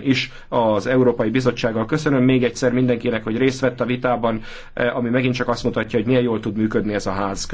is az Európai Bizottsággal. Köszönöm még egyszer mindenkinek, hogy részt vett a vitában, eh, ami megint csak azt mutatja, hogy milyen jól tud működni ez a ház. Köszönöm.